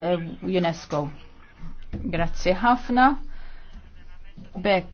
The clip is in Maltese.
Eh, UNESCO. Grazie ħafna. Bek.